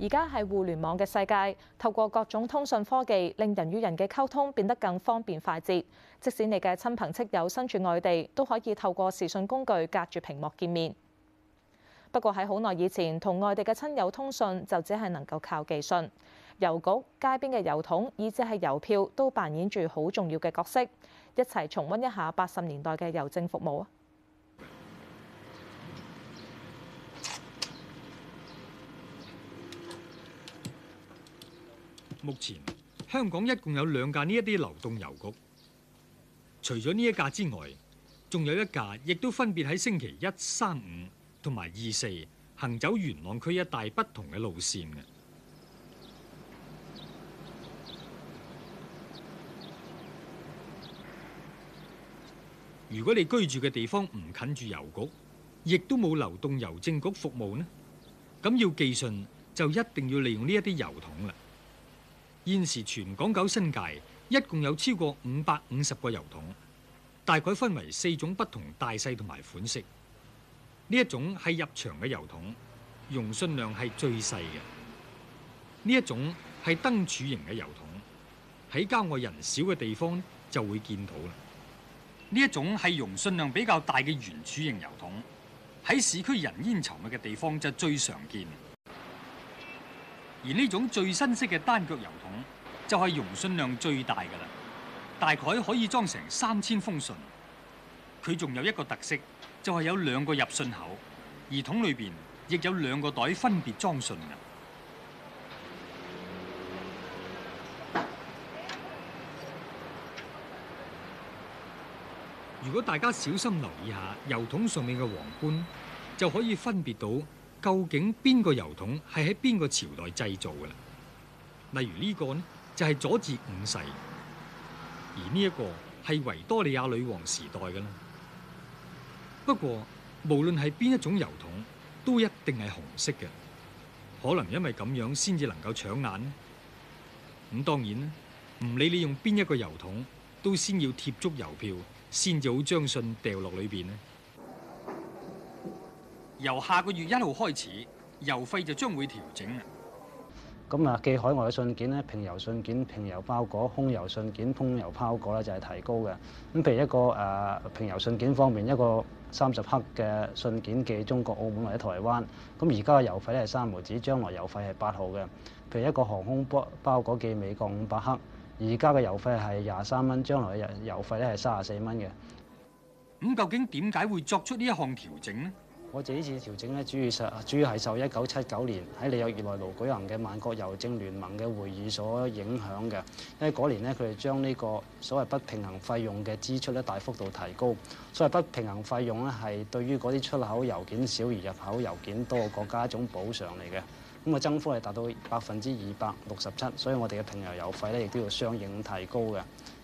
而家係互聯網嘅世界，透過各種通訊科技，令人與人嘅溝通變得更方便快捷。即使你嘅親朋戚友身處外地，都可以透過視訊工具隔住屏幕見面。不過喺好耐以前，同外地嘅親友通訊就只係能夠靠寄信、郵局、街邊嘅郵筒，以至係郵票都扮演住好重要嘅角色。一齊重温一下八十年代嘅郵政服務。目前香港一共有兩架呢一啲流動郵局，除咗呢一架之外，仲有一架，亦都分別喺星期一、三、五同埋二四行走元朗區一帶不同嘅路線嘅。如果你居住嘅地方唔近住郵局，亦都冇流動郵政局服務呢，咁要寄信就一定要利用呢一啲郵筒啦。現時全港九新界一共有超過五百五十個郵筒，大概分為四種不同大細同埋款式。呢一種係入場嘅郵筒，容信量係最細嘅。呢一種係燈柱型嘅郵筒，喺郊外人少嘅地方就會見到啦。呢一種係容信量比較大嘅圓柱型郵筒，喺市區人煙稠密嘅地方就最常見。而呢種最新式嘅單腳郵筒就係容信量最大㗎喇，大概可以裝成三千封信。佢仲有一個特色就係有兩個入信口，而桶裏邊亦有兩個袋分別裝信。如果大家小心留意下郵筒上面嘅皇冠，就可以分別到。究竟邊個郵筒係喺邊個朝代製造嘅啦？例如呢個呢，就係佐治五世；而呢一個係維多利亞女王時代嘅啦。不過無論係邊一種郵筒，都一定係紅色嘅。可能因為咁樣先至能夠搶眼。咁當然啦，唔理你用邊一個郵筒，都先要貼足郵票，先至好將信掉落裏邊呢？由下個月一號開始，郵費就將會調整。咁啊，寄海外嘅信件咧，平郵信件、平郵包裹、空郵信件、空郵包裹咧就係提高嘅。咁譬如一個誒平郵信件方面，一個三十克嘅信件寄中國、澳門或者台灣，咁而家嘅郵費咧係三毫紙，將來郵費係八毫嘅。譬如一個航空包包裹寄美國五百克，而家嘅郵費係廿三蚊，將來嘅郵郵費咧係三十四蚊嘅。咁究竟點解會作出呢一項調整呢？我哋呢次調整咧，主要受主要係受一九七九年喺里約熱內盧舉行嘅萬國郵政聯盟嘅會議所影響嘅，因為嗰年咧佢哋將呢個所謂不平衡費用嘅支出咧大幅度提高，所謂不平衡費用咧係對於嗰啲出口郵件少而入口郵件多嘅國家一種補償嚟嘅，咁啊增幅係達到百分之二百六十七，所以我哋嘅平郵郵費咧亦都要相應提高嘅，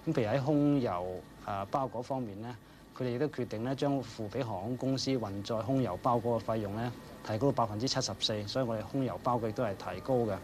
咁譬如喺空郵啊包裹方面咧。佢哋亦都決定將將付俾航空公司運載空郵包裹嘅費用提高到百分之七十四，所以我哋空郵包裹亦都係提高嘅。